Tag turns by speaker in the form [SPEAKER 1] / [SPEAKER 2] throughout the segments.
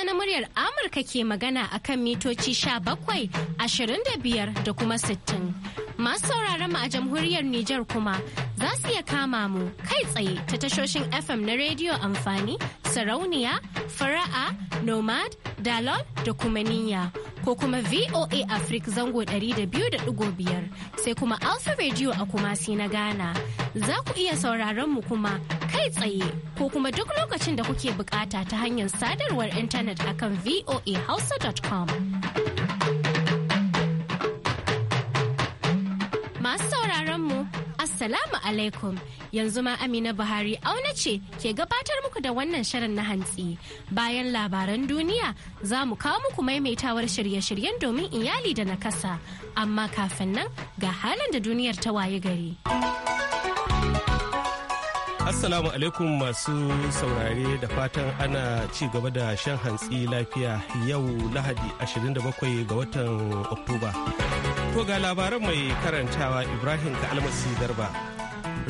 [SPEAKER 1] Hausa na muryar Amurka ke magana a kan mitoci bakwai ashirin da biyar da kuma sittin Masu sauraron mu a jamhuriyar Nijar kuma za su iya kama mu kai tsaye ta tashoshin FM na rediyo amfani, sarauniya, fara'a, nomad, dalol da kuma niyya. Ko kuma VOA Africa zango 200.5 sai kuma Alpha Radio a Kumasi na Ghana. Za ku iya sauraron mu kuma kai tsaye ko kuma duk lokacin da kuke bukata ta hanyar sadarwar intanet akan voahausa.com. Masu sauraron mu Assalamu alaikum yanzu ma Amina Buhari auna ce ke gabatar muku da wannan shirin na hantsi. Bayan labaran duniya za mu kawo muku maimaitawar shirye-shiryen domin iyali da nakasa. Amma kafin nan ga halin da duniyar ta waye gari.
[SPEAKER 2] Assalamu alaikum masu saurare da fatan ana ci gaba da shan hantsi lafiya yau Lahadi 27 ga watan Oktoba. To ga labaran mai karantawa Ibrahim almasi Garba.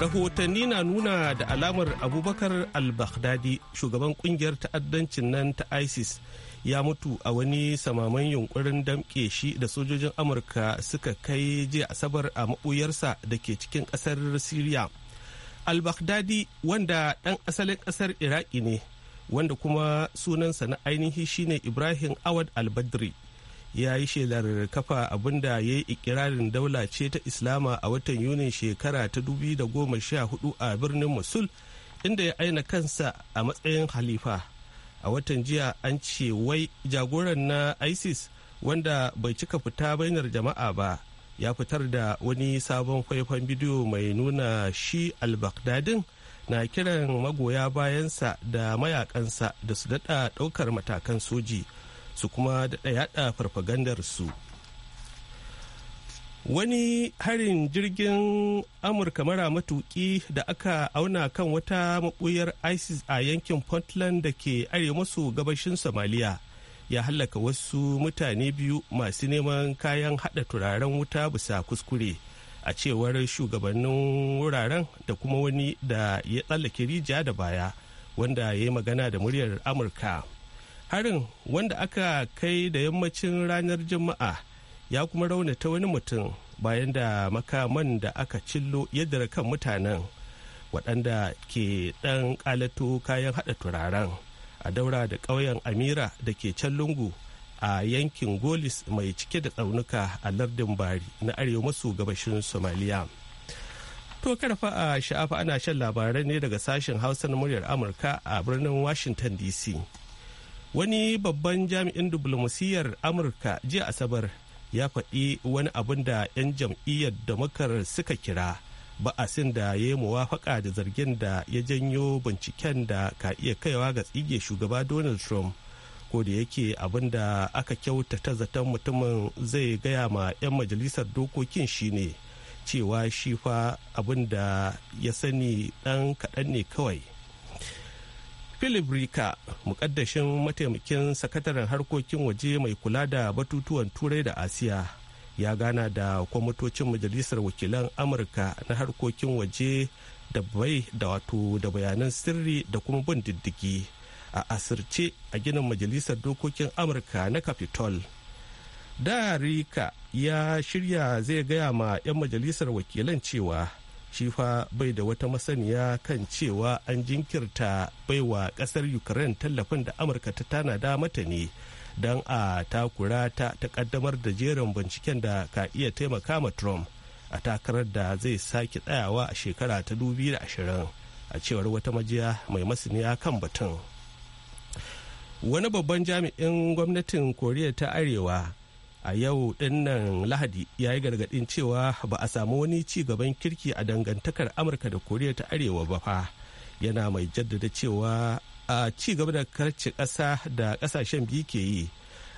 [SPEAKER 2] Rahotanni na nuna da alamar Abubakar al-Baghdadi shugaban kungiyar ta'addancin nan ta ISIS ya mutu a wani samaman yunkurin damƙe shi da sojojin Amurka suka kai jiya Asabar a maɓuyarsa da ke cikin ƙasar Siriya. al-baghdadi wanda ɗan asalin ƙasar iraki ne wanda kuma sunansa na ainihi shine ibrahim awad al-badri ya yi shelar kafa abinda ya yi ikirarin daula ce ta islama a watan yunin shekara ta 2014 a birnin Mosul inda ya aina kansa a matsayin halifa a watan jiya an ce wai jagoran na isis wanda bai cika fita bainar jama'a ba ya fitar da wani sabon faifan bidiyo mai nuna shi al na kiran magoya bayansa da mayakansa da su daɗa ɗaukar matakan soji su kuma daɗa yaɗa su. wani harin jirgin amurka mara matuƙi da aka auna kan wata maɓuyar isis a yankin puntland da ke arewa maso gabashin somaliya ya hallaka wasu mutane biyu masu neman kayan hada turaren wuta bisa kuskure a cewar shugabannin wuraren da kuma wani da ya tsallake rijiya da baya wanda ya yi magana da muryar amurka harin wanda aka kai da yammacin ranar juma'a ya kuma raunata wani mutum bayan da makaman da aka cillo yadda kan mutanen waɗanda ke ɗan ƙalato kayan haɗa turaren a daura da ƙauyen amira da ke can lungu a yankin golis mai cike da tsaunuka a lardin bari na arewa maso gabashin somaliya to karfa a sha'afa ana shan labarai ne daga sashen hausa na muryar amurka a birnin washington dc wani babban jami'in diplomasiyyar amurka jiya asabar ya faɗi wani abin da 'yan jam'iyyar damakar suka kira ba'asin da ya yi muwafaka da zargin da ya janyo binciken da ka iya kaiwa ga tsige shugaba donald trump ko da yake abin da aka kyautata zaton mutumin zai gaya ma 'yan majalisar dokokin shine cewa shi fa abin da ya sani dan kaɗan ne kawai philip rika mukaddashin mataimakin sakataren harkokin waje mai kula da batutuwan turai da asiya ya gana da kwamitocin majalisar wakilan amurka na harkokin waje da bai da wato da bayanan sirri da kuma bin diddigi a asirce a ginin majalisar dokokin amurka na capitol da rika ya shirya zai gaya ma 'yan majalisar wakilan cewa shi bai da wata masaniya kan cewa an jinkirta baiwa kasar ukraine tallafin da amurka ta tanada mata ne don a takura ta takaddamar da jerin binciken da ka iya taimaka ma trump a takarar da zai sake tsayawa a shekara ta 2020 a cewar wata majiya mai masaniya kan batun wani babban jami'in gwamnatin koriya ta arewa a yau dinnan lahadi ya yi gargadin cewa ba a samu wani ci gaban kirki a dangantakar amurka da koriya ta arewa ba fa yana mai jaddada cewa a ci gaba da karci ƙasa da ƙasashen biyu ke yi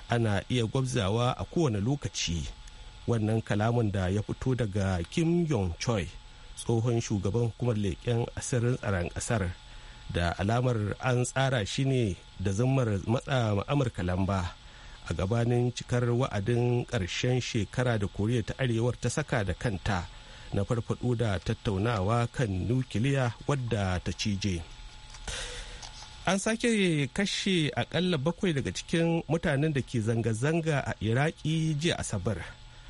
[SPEAKER 2] ana iya gwabzawa a kowane lokaci wannan kalamin da ya fito daga kim yong choi tsohon shugaban hukumar leƙen asirin tsaron ƙasar da alamar an tsara shi ne da zammar matsa amurka lamba a gabanin cikar wa'adin ƙarshen shekara da koriya ta arewar ta saka da kanta na farfado da tattaunawa kan nukiliya wadda ta cije. an sake kashe akalla bakwai daga cikin mutanen da ke zanga-zanga a iraki jiya asabar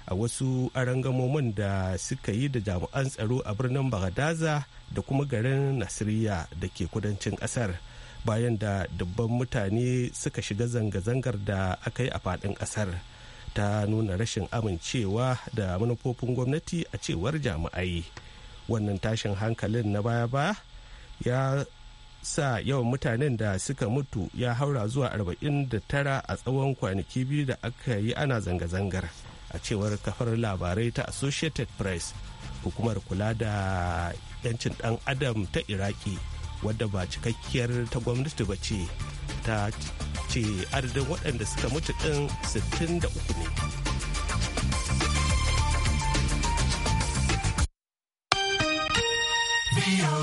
[SPEAKER 2] a wasu arangamomin da suka yi da jami'an tsaro a birnin bagadaza da kuma garin nasiriya da ke kudancin kasar bayan da dubban mutane suka shiga zanga-zangar da aka yi a faɗin kasar ta nuna rashin amincewa da manufofin gwamnati a cewar jami'ai wannan tashin hankalin na baya-baya ya sa yawan mutanen da suka mutu ya haura zuwa 49 a tsawon kwanaki biyu da aka yi ana zanga-zangar a cewar kafar labarai ta associated press hukumar kula da 'yancin dan adam ta iraki wadda ba cikakkiyar ta gwamnati ba ce ta ce adadin waɗanda suka mutu ɗin 63 ne
[SPEAKER 1] Yeah.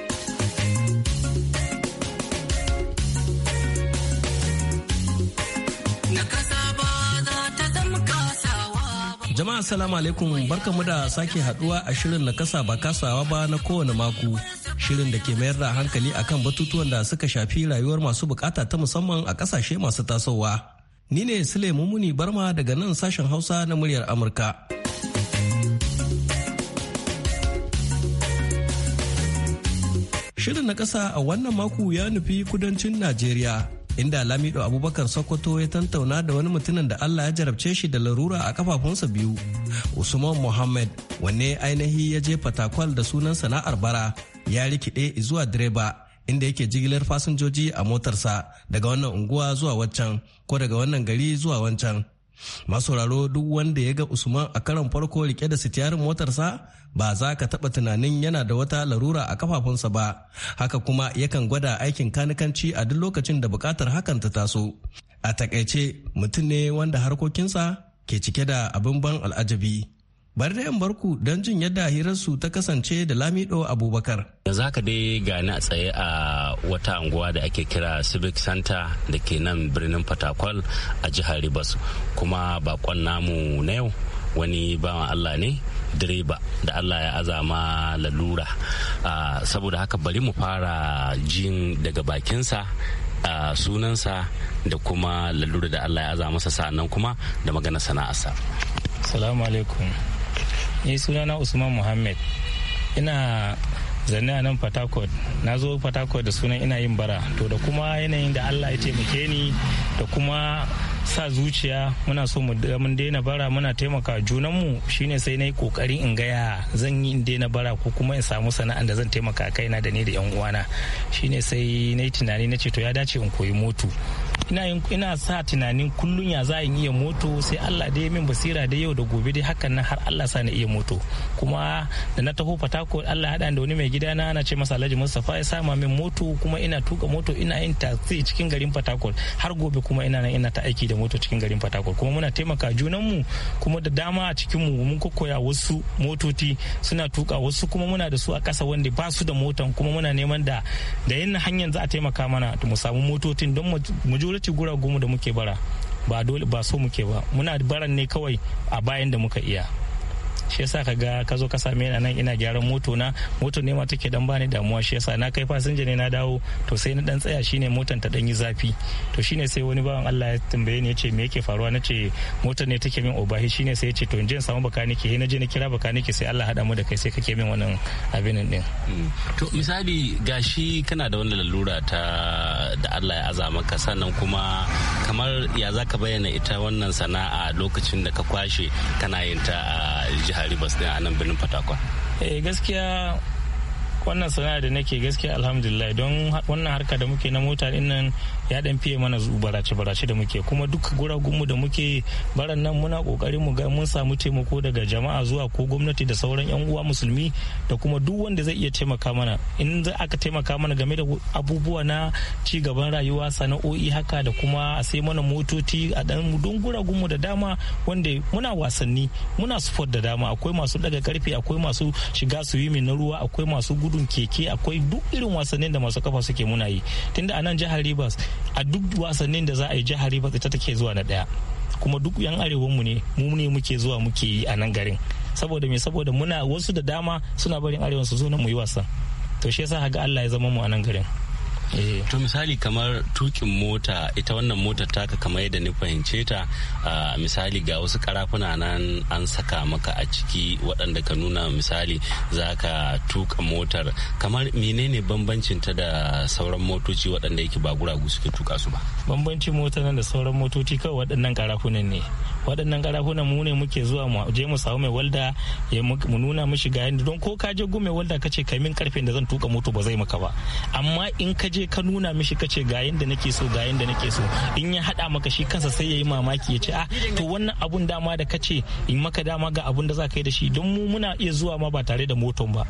[SPEAKER 3] Jama'a salamu alaikum mu da sake haduwa a shirin na kasa ba kasawa ba na kowane mako. Shirin da ke mayar da hankali akan batutuwan da suka shafi rayuwar masu bukata ta musamman a kasashe masu tasowa. Ni ne Sule Mumuni Barma daga nan sashen Hausa na muryar Amurka. Shirin na kasa a wannan mako ya nufi kudancin Najeriya. inda Lamido Abubakar Sokoto ya tantauna da wani mutumin da Allah ya jarabce shi da larura a kafafunsa biyu. Usman Muhammad wanne ainihi ya je fatakwal da sunan sana'ar bara ya rikide zuwa direba inda yake jigilar fasinjoji a motarsa daga wannan unguwa zuwa waccan ko daga wannan gari zuwa wancan masauraro duk wanda ya ga usman a karon farko rike da sitiyarin motarsa ba za ka taɓa tunanin yana da wata larura a kafafunsa ba haka kuma yakan gwada aikin kanikanci a duk lokacin da bukatar hakan ta taso a takaice mutum ne wanda harkokinsa ke cike da abin ban al'ajabi bari da yan barku don jin yadda hirarsu ta kasance da lamido abubakar
[SPEAKER 4] za haka dai gani a tsaye a wata anguwa da ake kira civic center da ke nan birnin fatakwal a jihar ribas kuma bakon namu na yau wani bawan allah ne direba da allah ya azama lalura saboda haka bari mu fara jin daga bakinsa a sunansa da kuma lalura da allah ya aza masa sa'annan kuma da magana sana'arsa
[SPEAKER 5] salamu alaikum ni sunana usman muhammad ina zanne a nan fatakot na zo fatakot da sunan ina yin bara to da kuma yanayin da allah ya taimake ni da kuma sa zuciya muna so mu daina bara muna taimaka mu shine sai na yi kokarin in gaya zan yi in daina bara ko kuma in samu sana'an da zan taimaka kaina da ni da yan uwana shine sai na yi tunani na ce to ya dace in koyi motu ina ina sa tunanin kullum ya za in iya moto sai Allah dai min basira da yau da gobe dai hakan nan har Allah sa na iya moto kuma da na taho fatako Allah hada da wani mai gida na ana ce masa Alhaji Mustafa ya sama min moto kuma ina tuka moto ina yin taxi cikin garin Fatakol har gobe kuma ina nan ina ta aiki da moto cikin garin Fatakol kuma muna taimaka junan mu kuma da dama a cikin mu mun kokoya wasu motoci suna tuka wasu kuma muna da su a kasa wanda ba su da motan kuma muna neman da da yin hanyar za a taimaka mana mu samu motocin don mu ci guragu mu da muke bara ba dole ba so muke ba muna baran ne kawai a bayan da muka iya shi yasa ka ga ka zo ka same ni nan ina gyaran moto na moto ne ma take dan bani damuwa shi yasa na kai fasinja ne na dawo to sai na dan tsaya shine motan ta dan yi zafi to shine sai wani bawan Allah ya tambaye ni yace me yake faruwa nace motan ne take min obahi shine sai yace to in je samu bakanike he na je na kira bakanike sai Allah hada mu da kai sai kake min wannan abin din mm.
[SPEAKER 4] to misali gashi kana da wannan lalura ta da Allah ya azama ka sannan kuma kamar ya zaka bayyana ita wannan sana'a lokacin da ka kwashe kana yin ta a jihar ribas ɗin a nan birnin fatakwal
[SPEAKER 5] eh gaskiya wannan sana'a da nake gaskiya alhamdulillah don wannan harka da muke na mota din nan ya dan fiye mana barace barace da muke kuma duk guragunmu da muke baran nan muna kokarin mu ga mun samu taimako daga jama'a zuwa ko gwamnati da sauran yan uwa musulmi da kuma duk wanda zai iya taimaka mana in za aka taimaka mana game da abubuwa na ci gaban rayuwa sana'o'i haka da kuma a sai mana motoci a dan don guragunmu da dama wanda muna wasanni muna sport da dama akwai masu daga karfe akwai masu shiga swimming na ruwa akwai masu gudun keke akwai duk irin wasannin da masu kafa suke muna yi tunda a nan jihar Rivers a duk wasannin da za a yi jihar Rivers ita take zuwa na daya kuma duk yan arewanmu ne mu ne muke zuwa muke yi a nan garin saboda me saboda muna wasu da dama suna barin arewan su zo na mu yi wasan to shi yasa ga Allah ya zama mu a nan garin
[SPEAKER 4] Eh. to misali kamar tukin mota ita wannan motar taka kamar yadda ni fahimce ta misali ga wasu karafuna nan an saka maka a ciki waɗanda ka nuna misali za ka tuka motar kamar menene bambancin ta da sauran motoci waɗanda yake ba guragu suke tuka su ba
[SPEAKER 5] bambancin motar nan da sauran motoci kawai waɗannan karafunan ne waɗannan garafunan mu ne muke zuwa mu je mu samu mai walda ya mu nuna mishi ga yanda don ko ka je gun mai walda kace kai min karfe da zan tuka moto ba zai maka ba amma in ka je ka nuna mishi kace ga yanda nake so ga yanda nake so in ya hada maka shi kansa sai yayi mamaki ya ce ah to wannan abun dama da kace in maka dama ga abun da za ka yi da shi don mu muna iya zuwa ma ba tare da moton ba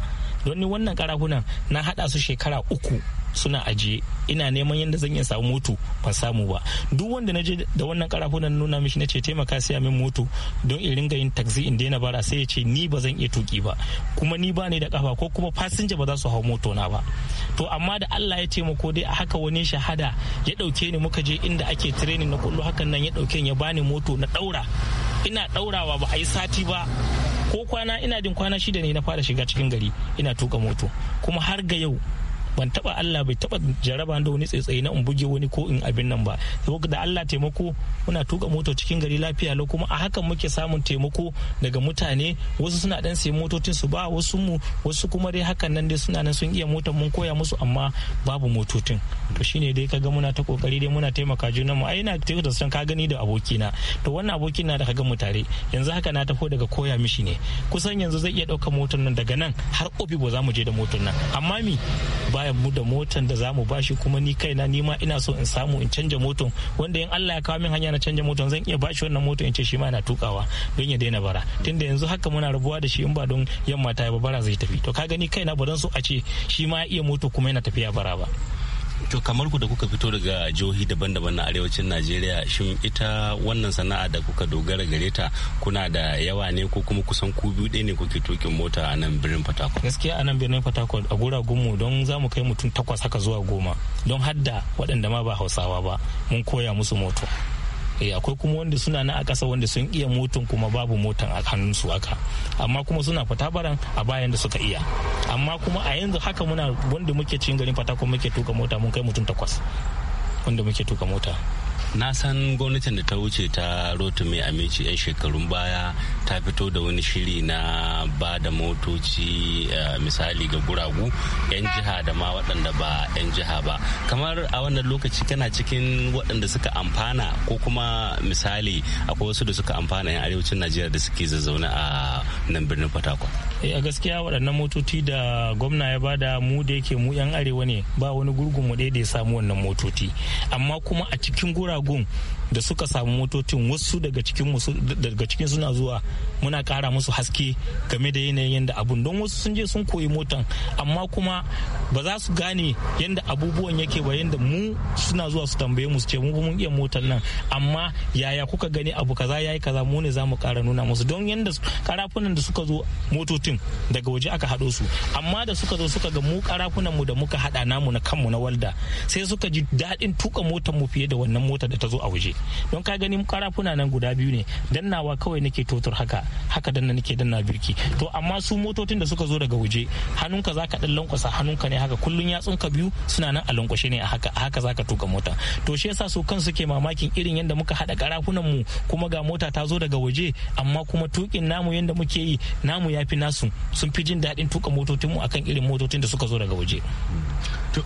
[SPEAKER 5] don ni wannan karafunan na hada su shekara uku suna ajiye ina neman yadda zan iya samu moto ba samu ba duk wanda na je da wannan karafunan nuna mishi na ce taimaka siya min moto don in ringa yin taxi in daina bara sai ya ce ni ba zan iya tuki ba kuma ni ba ne da kafa ko kuma fasinja ba za su hau moto na ba to amma da Allah ya taimako dai a haka wani shahada ya dauke ni muka je inda ake training na kullu hakan nan ya dauke ya bani moto na daura ina daurawa ba a yi sati ba ko kwana ina jin kwana shida ne na fara shiga cikin gari ina tuka moto kuma har ga yau ban taba Allah bai taba jaraba da wani tsaitsaye na in buge wani ko in abin nan ba saboda da Allah taimako muna tuka moto cikin gari lafiya lau kuma a hakan muke samun taimako daga mutane wasu suna dan sayi motocin su ba wasu mu wasu kuma dai hakan nan dai suna nan sun iya motar mun koya musu amma babu motocin to shine dai kaga muna ta kokari dai muna taimaka juna mu ai na taimaka da san ka gani da abokina to wannan abokin na da kaga mu tare yanzu haka na tafi daga koya mishi ne kusan yanzu zai iya dauka motar nan daga nan har obi ba za mu je da motar nan amma mi ba bayan mu da motan da zamu bashi kuma ni kaina ni ma ina so in samu in canja motan wanda in Allah ya kawo min hanya na canja motan zan iya bashi wannan motan in ce shi ma yana tukawa don ya daina bara tunda yanzu haka muna rabuwa da shi in ba don yamma ta yi bara zai tafi to ka gani kaina ba don so a ce shi ma iya moto kuma yana tafiya bara ba
[SPEAKER 4] to kamar ku da kuka fito daga jihohi daban-daban na arewacin najeriya shin ita wannan sana'a da kuka dogara gare ta kuna da yawa ne ko kuma kusan ku biyu ɗaya ne kuke tukin mota a nan birnin fatakwal
[SPEAKER 5] gaskiya a nan birnin fatakwal a gunmu don za mu kai mutum takwas haka zuwa goma don hadda waɗanda ma ba hausawa ba mun koya musu moto Eh, akwai kuma wanda suna na a ƙasa wanda sun iya motan kuma babu motan a hannunsu haka amma kuma suna fatabaran a bayan da suka iya amma kuma a yanzu haka muna wanda muke cin garin fatakon muke tuka mota mun kai mutum takwas wanda muke tuka mota
[SPEAKER 4] na san gwamnatin da ta wuce ta rotu mai aminci 'yan shekarun baya ta fito da wani shiri na ba da motoci eh, misali ga guragu 'yan jiha da ma waɗanda ba 'yan jiha ba kamar a wannan lokaci kana cikin waɗanda suka amfana ko kuma misali akwai wasu da suka amfana 'yan arewacin najeriya da suke zazzaune a nan birnin fatakwal
[SPEAKER 5] eh, a gaskiya waɗannan motoci da gwamna ya bada mu da yake mu 'yan arewa ne ba wani gurgun mu ɗaya da ya samu wannan motoci amma kuma a cikin guragu gun da suka samu motocin wasu daga cikin daga cikin suna zuwa muna kara musu haske game da yanayin yadda abun don wasu sun je sun koyi motan amma kuma ba za su gane yadda abubuwan yake ba yadda mu suna zuwa su tambaye mu su ce mu mun iya motan nan amma yaya kuka gani abu kaza yayi kaza mu ne za mu kara nuna musu don yadda karafunan da suka zo motocin daga waje aka haɗo su amma da suka zo suka ga mu karafunan mu da muka haɗa namu na kanmu na walda sai suka ji daɗin tuka motar mu fiye da wannan mota da ta zo a waje don ka gani karafuna nan guda biyu ne dannawa kawai nake totur haka haka danna nake danna birki to amma su motocin da suka zo daga waje hannunka zaka dan lankwasa hannunka ne haka kullun yatsunka biyu suna nan a lankwashe ne a haka a haka zaka tuka mota to shi yasa su kan suke mamakin irin yadda muka hada karafunan mu kuma ga mota ta zo daga waje amma kuma tukin namu yadda muke yi namu yafi nasu sun fi jin dadin tuka motocin mu akan irin motocin da suka zo daga waje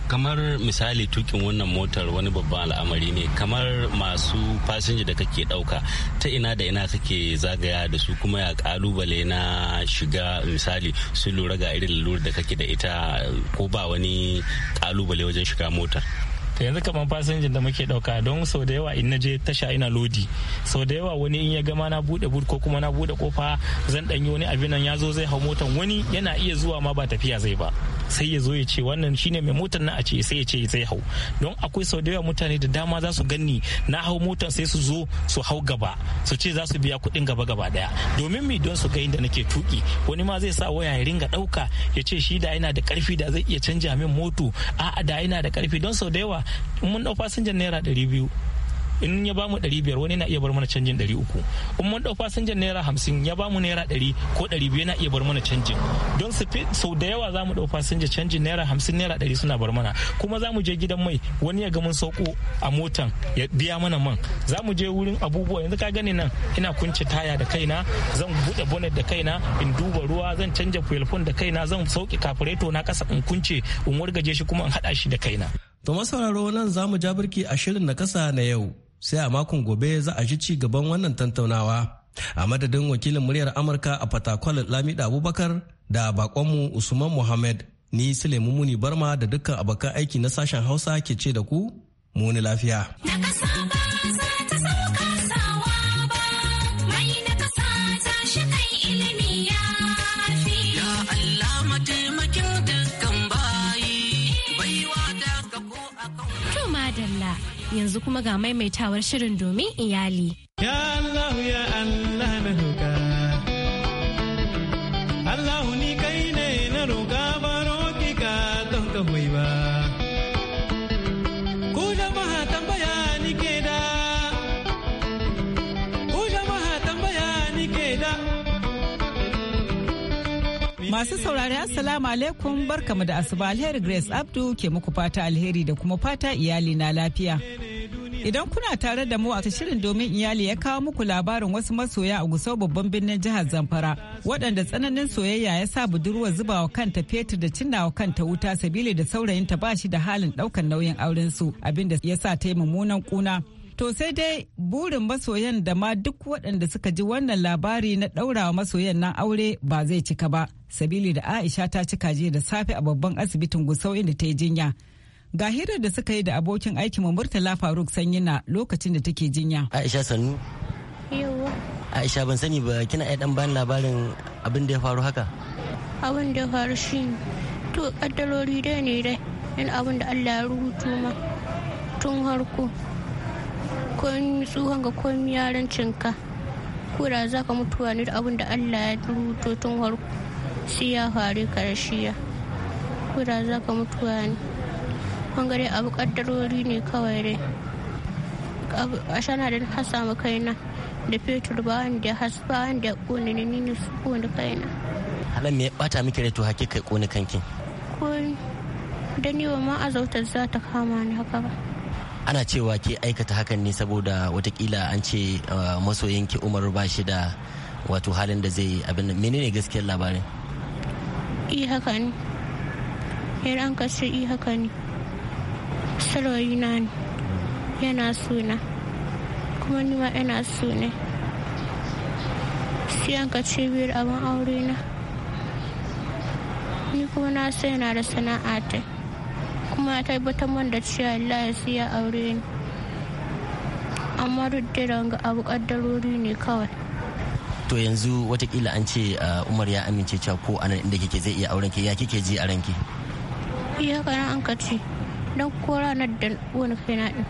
[SPEAKER 4] kamar misali tukin wannan motar wani babban al'amari ne kamar masu fasinja da kake ɗauka ta ina da ina kake zagaya da su kuma ya kalubale na shiga misali sun lura ga irin lura da kake da ita ko ba wani kalubale wajen shiga mota.
[SPEAKER 5] ta yanzu kamar fasinjin da muke dauka don sau da yawa in naje tasha ina lodi sau da yawa wani in ya gama na bude bud ko kuma na bude kofa zan danyi wani abin ya zo zai hau motan wani yana iya zuwa ma ba tafiya zai ba sai ya zo ya ce wannan shine mai motar na a ce sai ya ce sai hau don akwai sau da yawa mutane da dama za su ganni na hau motar sai su zo su hau gaba su ce za su biya kuɗin gaba gaba daya domin mi don su ga inda nake tuki wani ma zai sa waya ya ringa ɗauka ya ce shi da yana da karfi da zai iya canja min moto a'a da yana da karfi don sau da yawa mun ɗau fasinjan naira ɗari biyu in ya bamu ɗari biyar wani na iya bar mana canjin ɗari uku in mun fasinja fasinjan naira hamsin ya ba mu naira ɗari ko ɗari biyu na iya bar mana canjin don sau da yawa za mu fasinja canjin naira hamsin naira ɗari suna bar mana kuma za mu je gidan mai wani ya ga mun sauko a motan ya biya mana man za mu je wurin abubuwa yanzu ka gani nan ina kunce taya da kaina zan buɗe bonnet da kaina in duba ruwa zan canja fuel da kaina zan sauke kafureto na kasa in kunce in wargaje shi kuma in haɗa shi da kaina.
[SPEAKER 3] To masauraro nan za mu ja birki a shirin na kasa na yau sai a makon gobe za a ji ci gaban wannan tantaunawa a madadin wakilin muryar amurka a fatakwal lamida abubakar da bakonmu usman muhammad ni sulaimu muni barma da dukkan abokan aiki na sashen hausa ke ce da ku muni lafiya.
[SPEAKER 1] yanzu kuma ga maimaitawar shirin domin iyali.
[SPEAKER 3] Ya Allah ya Allah na hukar.
[SPEAKER 6] Masu saurari Assalamu alaikum barkamu da asuba alheri Grace Abdu ke muku fata alheri da kuma fata iyali na lafiya. Idan kuna tare da mu a shirin domin iyali ya kawo muku labarin wasu masoya a gusau babban birnin jihar Zamfara waɗanda tsananin soyayya ya sa budurwar zubawa kanta fetur da cinnawa kanta wuta sabili da saurayinta ba shi da halin ɗaukan nauyin aurensu abinda ya sa ta yi mummunan ƙuna. To sai dai burin masoyan da ma duk waɗanda suka ji wannan labari na ɗaurawa masoyan nan aure ba zai cika ba, sabili da Aisha ta cika jiya da safe a babban asibitin Gusau inda ta yi jinya. Ga hirar da suka yi da abokin aikin Murtala Faruk Sanyina lokacin da take jinya. Aisha Sannu. Aisha ban sani ba kina iya dan
[SPEAKER 7] bani labarin abin da ya faru haka?
[SPEAKER 8] Abin da ya faru shi to kaddarori dai ne dai in abin da Allah ya rubuto ma tun harko. komi tsohon ga komi yarancinka ko da za ka mutuwa ne da abin da allah ya rubuto tun harku sai ya faru karshiya ko da za ka mutuwa ne kwangare abu kaddarori ne kawai dai a shana da na samu kaina da fetur ba wanda ya ba wanda ya kone ne ni ne su kone kaina
[SPEAKER 7] halan me ya bata miki rai to hake kai kone kanki
[SPEAKER 8] ko da ni ba ma azautar za ta kama ni haka ba
[SPEAKER 7] ana cewa ke aikata hakan ne saboda watakila an ce uh, masoyinki umaru ba shi da wato halin da zai abin menene gaskiyar labarin
[SPEAKER 8] i haka ne yar an kasu i haka ne saurayi na ne yana suna kuma ni ma yana suna sai an ka ce biyar abin aure na ni kuma na sai yana da sana'a ta kuma ya tabbatar man da cewa Allah ya siya aure ni amma duk da ga abu kaddarori ne kawai
[SPEAKER 7] to yanzu watakila an ce uh, umar ya amince cewa ko anan inda kike zai iya auren ki ya kike ji a ranki
[SPEAKER 8] iya kana an ka ce dan ko ranar da wani kai na din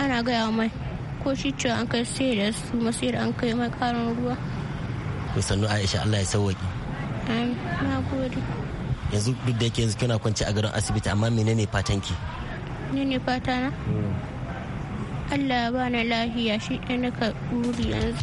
[SPEAKER 8] ana gaya mai ko shi ce an kai sai da su masu an kai mai karin ruwa
[SPEAKER 7] to sannu aisha allah ya sauwaki na gode yanzu duk da yake yanzu kina kwance a garin asibiti amma menene fatan ki
[SPEAKER 8] menene fata na hmm. Allah ya bani lafiya shi ɗaya na ka yanzu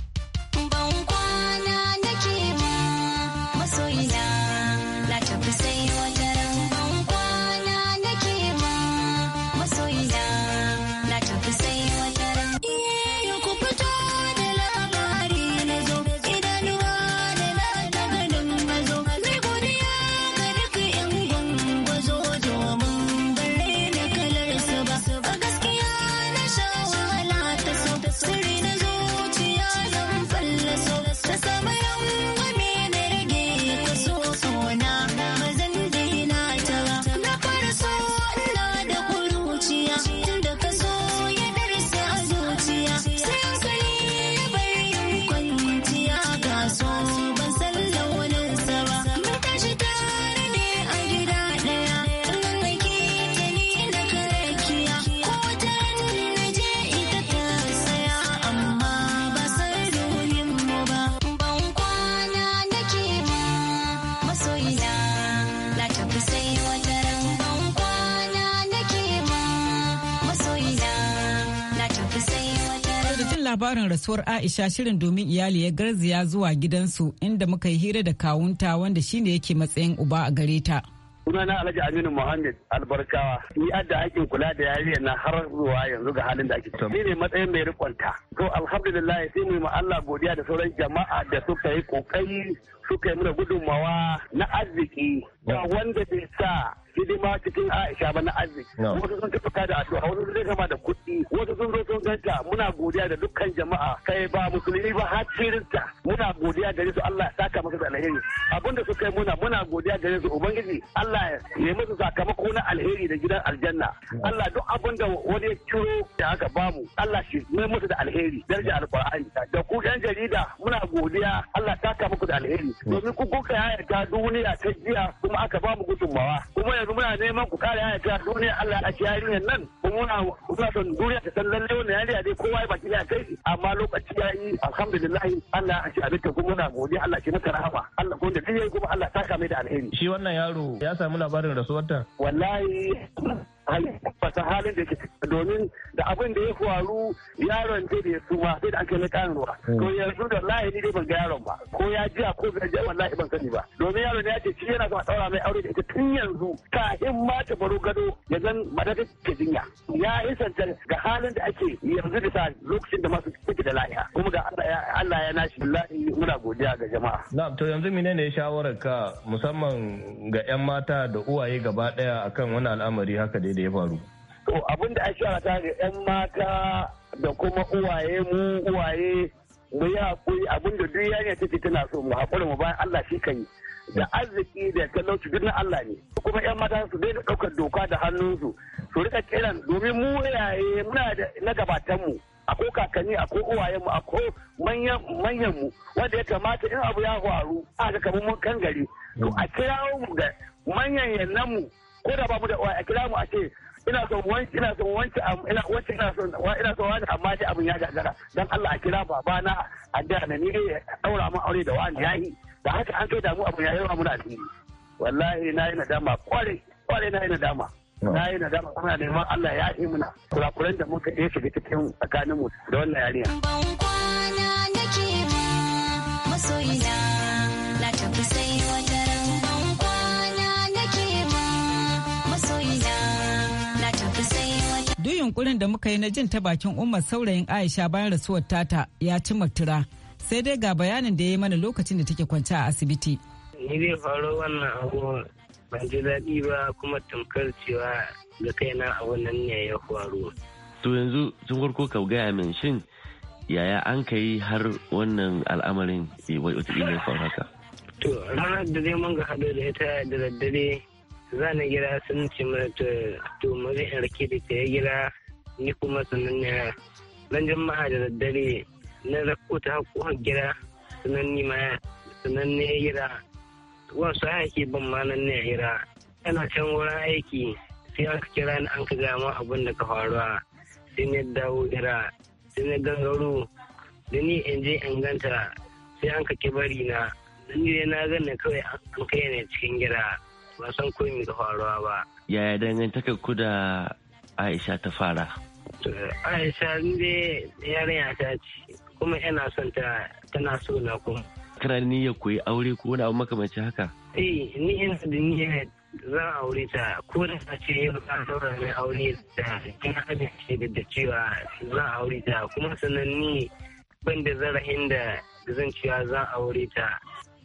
[SPEAKER 6] labarin rasuwar Aisha shirin domin iyali ya garziya zuwa gidansu inda muka yi hira da kawunta wanda shine yake matsayin uba a gare ta.
[SPEAKER 9] sunana alhaji aminu muhammad albarkawa ni adda aikin kula da yariya na har zuwa yanzu ga halin da ake ni ne matsayin mai rikonta to alhamdulillah sai mu Allah godiya da sauran jama'a da suka yi kokari suka yi mana gudunmawa na arziki ba wanda bai sa hidima cikin Aisha bana arziki. Wasu sun tafi da addu'a wasu sun kama da kuɗi wasu sun zo sun ganta muna godiya da dukkan jama'a kai ba musulmi ba har cirinta muna godiya gare su Allah ya saka masa da alheri da su kai muna muna godiya gare su ubangiji Allah ya musu sakamako na alheri da gidan aljanna Allah duk da wani ya ciro da aka bamu Allah shi mai musu da alheri daraja alqur'ani da ku jarida muna godiya Allah saka muku da alheri domin ku kuka ta duniya ta jiya kuma aka bamu gudunmawa kuma yanzu muna neman ku kare haya ta duniya Allah a ci yarinyar nan ko muna muna son duniya ta san lalle wannan yarinya dai kowa ya baki ne a kai amma lokaci ya yi alhamdulillah Allah a ci abinta kuma muna godiya Allah shi muka rahama Allah ko da duk yayi kuma Allah ta kame da alheri
[SPEAKER 5] shi wannan yaro ya samu labarin ta
[SPEAKER 9] wallahi fata halin da ke domin da abin da ya faru yaron da ya suma sai da aka yi karin ruwa hmm. to yanzu da layi ne ban ga yaron ba ko ya jiya ko bai jiya wallahi ban sani ba domin yaron ya ce shi yana son a daura mai aure da ita tun yanzu in ma ta baro gado ya zan madadin ke jinya ya isanta ga halin da ake yanzu da sa lokacin da masu suke da lahiya kuma ga Allah ya nashi wallahi muna godiya ga jama'a
[SPEAKER 7] na'am to yanzu ne shawarar ka musamman ga 'yan mata da uwaye gaba daya akan wani al'amari haka al'amari da ya faru
[SPEAKER 9] to abin da ake ta yan mata da kuma uwaye mu uwaye mu yi haƙuri abin da duk yanya take tana so mu haƙuri mu bayan Allah shi kan da arziki da talauci duk na Allah ne kuma yan mata su daina ɗaukar doka da hannunsu su rika kiran domin mu yaye muna da na gabatanmu ko kakanni uwaye mu a ko manyan mu wanda ya kamata in abu ya faru a ga kamar mun kan gari to a kirawo mu ga manyan yannan mu ko da ba mu da a kira mu a ce ina son wanki ina son wanki ina wanki ina son ina son wani amma dai abin ya gagara dan Allah a kira baba a addana na ni daura eh, mun aure da wani yayi da haka an kai da mu abin ya yawa muna asiri wallahi na yi nadama kwarai kware na yi nadama na yi nadama kuma neman Allah ya yi muna kurakuren da muka yi shiga cikin tsakaninmu da wannan yariya
[SPEAKER 1] ban kwana nake ba masoyina
[SPEAKER 6] yunkurin da muka yi na jin ta bakin umar saurayin aisha bayan rasuwar tata ya ci matura sai dai ga bayanin da ya yi mana lokacin da take kwance a asibiti ni zai faru wannan abu
[SPEAKER 10] ban ji daɗi ba kuma tamkar cewa ga kaina abu nan ne ya faru
[SPEAKER 7] to yanzu tun farko ka gaya min shin yaya an ka yi har wannan al'amarin wata ya faru
[SPEAKER 10] haka to ranar da zai mun ga haɗu da ita da daddare za na gida sun ce mana to mu zai in da ta gida ni kuma sannan na ran jama'a da daddare na rako ta hakuwar gida sannan ni ma sannan ne gida wasu aiki ban ma nan ne gida Yana can wurin aiki sai aka kira ni an ka gama abin da ka a sai ne dawo gida sai ne gangaro da ni in je in ganta sai an ka bari na ni na gane kawai an kai ne cikin gida ba san ko me da faruwa ba
[SPEAKER 7] yaya dangantakar ku da Aisha ta fara
[SPEAKER 10] Aisha ne yarinya ta ce kuma yana son ta tana so na kuma
[SPEAKER 7] kana ni ya koyi aure ko wani abu makamancin haka
[SPEAKER 10] eh ni ina da niyyar zan aure ta ko da ta ce yau ta saura mai aure da ina amince da cewa zan aure ta kuma sanan ni ban da zarahin da zan cewa zan aure ta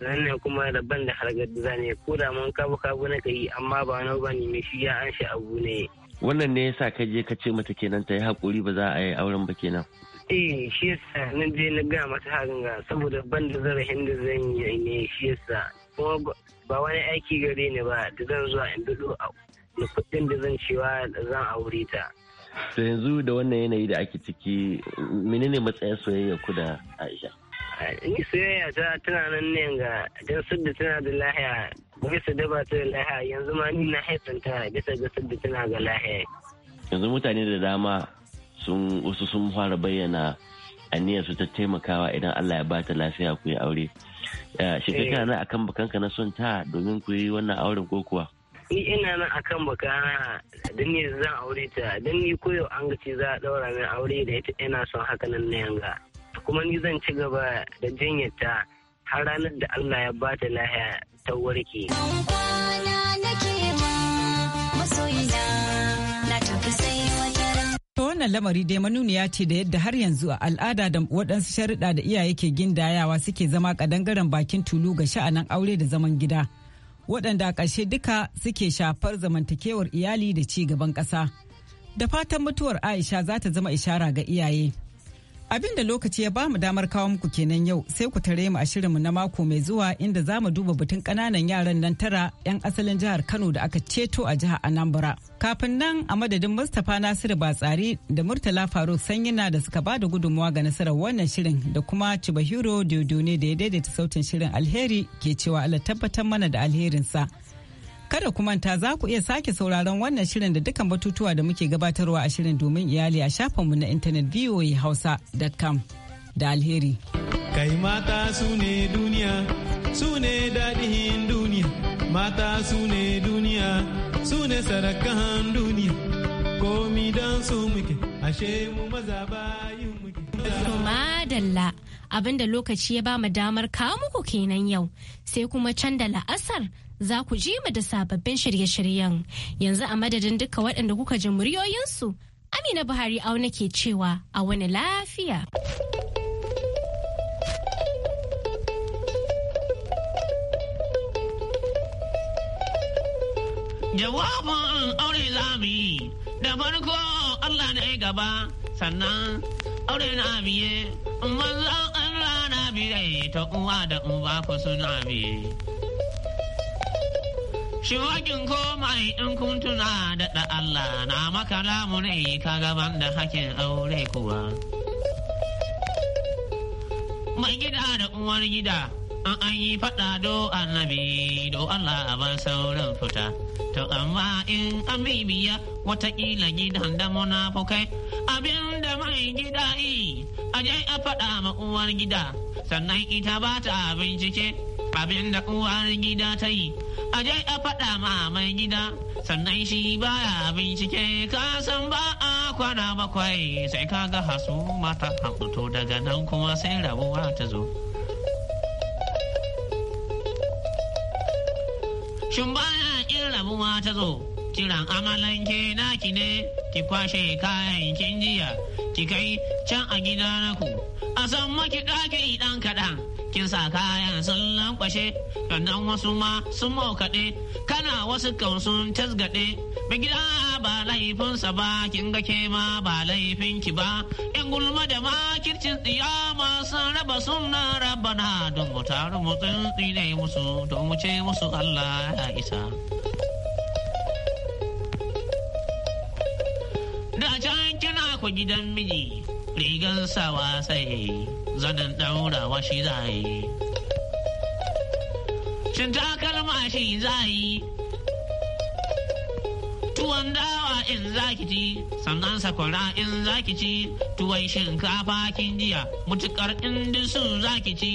[SPEAKER 10] nan ne kuma daban da da zane ko da mun kabu kabu na kai amma ba na ba ne mai shi ya shi abu ne.
[SPEAKER 7] wannan ne yasa ka je ka ce mata kenan ta yi haƙuri ba za a yi auren ba kenan.
[SPEAKER 10] eh shi yasa nan je na ga mata hakan ga saboda ban da zarafin da zan yi ne shi yasa kuma ba wani aiki gare ni ba da zan zuwa in a da kuɗin da zan cewa zan aure ta.
[SPEAKER 7] to yanzu da wannan yanayi da ake ciki menene matsayin soyayya ku da Aisha.
[SPEAKER 10] Eh, ni soyayya ta tana nan ne ga don sadda tana da lahiya bisa da ba ta da lahiya yanzu ma ni na haifanta bisa ga sadda tana ga lahiya.
[SPEAKER 7] Yanzu mutane da dama sun wasu sun fara bayyana aniyar su ta taimakawa idan Allah ya bata lafiya ku yi aure. Eh, Shekai kana akan bakanka na son ta domin ku yi wannan auren ko kuwa?
[SPEAKER 10] Ni ina nan akan bakana don ne zan aure ta don ni koyo an gaci za a daura min aure da ita ina son haka nan na yanga. kuma ni zan ci gaba da jinyata har ranar da Allah ya ba ta lahiya ta warke.
[SPEAKER 6] wannan lamari dai manuniya ce da yadda har yanzu a al'ada da waɗansu sharuɗa da iyaye ke gindayawa suke zama kadangaren bakin tulu ga sha'anan aure da zaman gida waɗanda a ƙarshe duka suke shafar zamantakewar iyali da ci gaban ƙasa da fatan mutuwar aisha za ta zama ishara ga iyaye Abin da lokaci ya bamu damar kawo muku kenan yau sai ku tare mu a shirinmu na mako mai zuwa inda za mu duba batun ƙananan yaran nan tara 'yan asalin jihar Kano da aka ceto a jihar Anambra. Kafin nan a madadin Mustapha Nasiru Batsari da Murtala Faruk Sanyina da suka ba da gudunmawa ga nasarar wannan shirin da kuma Cibahiro Dodone da ya daidaita sautin shirin alheri ke cewa Allah tabbatar mana da alherinsa. Kada ku manta za ku iya sake sauraron wannan shirin da dukkan batutuwa da muke gabatarwa a shirin domin iyali a shafinmu na intanet hausa.com da alheri. Kai mata su ne duniya, su ne daɗin duniya, mata su ne duniya, su ne
[SPEAKER 3] sarakan duniya, komi don su muke, ashe mu maza bayin muke.
[SPEAKER 1] Madalla. abinda lokaci ya ba mu damar kawo muku kenan yau sai kuma can da la'asar za ku ji mu da sababbin shirye-shiryen yanzu a madadin duka waɗanda kuka ji muryoyinsu amina buhari auna ke cewa a wani lafiya.
[SPEAKER 11] jawabin aure za da farko Allah na gaba sannan aure na biye mazan rana biye ta uwa da uba ku suna biye ko komai in kun tuna da Allah na maka lamu ka gaban da hakin aure kuwa. Mai gida da uwar gida an an yi faɗa do annabi do Allah a bar sauran fita. To amma in an bibiya watakila gidan da munafukai abin da mai gida yi a a faɗa ma uwar gida sannan ita ba ta bincike. abin da uwar gida ta yi a je a faɗa ma mai gida sannan shi baya bincike ka san ba a kwana bakwai sai ka ga hasu mata hankuto daga nan kuma sai rabuwa ta zo shin baya in rabuwa ta zo kiran amalanke naki ne ki kwashe kayan kin jiya ki kai can a gida naku a san maki ɗaki ɗan kaɗan Kin sa kayan sun lankwashe rannan wasu ma sun maukaɗe kana wasu kausun sun tasgaɗe bigida ba laifinsa ba kin ga ke ma ba laifinki ba in gulma da makircin tsiyama sun raba raba na don mu taru mu tsintsi musu don mu ce musu Allah ya isa da can kina ku gidan miji rigar sawa sai zanen wa shi zai cin takalma shi zai tuwon dawa in zaki ci sannan sakwara in zaki ci tuwon shinkafa kin jiya mutukar in su zaki ci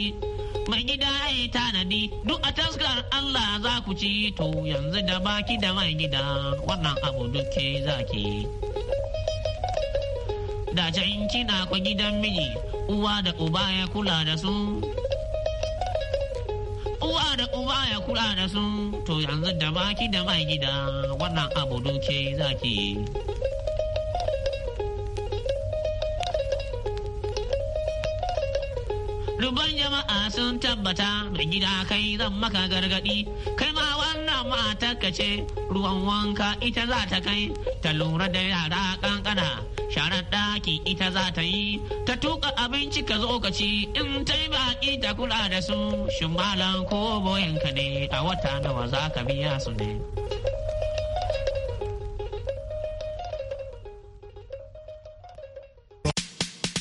[SPEAKER 11] mai gida ya tanadi duk a taskar Allah za ku ci to yanzu da baki da mai gida wannan abu duke zaki. da in kina kwa gidan miji uwa da uba ya kula da su uwa da uba ya kula da su to yanzu da baki da mai gida wannan abu doke zaki Dubban jama'a sun tabbata mai gida kai zan maka gargadi kai ma wannan matar ce ruwan wanka ita za ta kai ta lura da yara kankana sharar ɗaki ita za ta yi ta tuka abinci ka zo ka ci in ta yi baƙi ta kula da su shimbalan ko ka ne a wata nawa za ka biya su ne.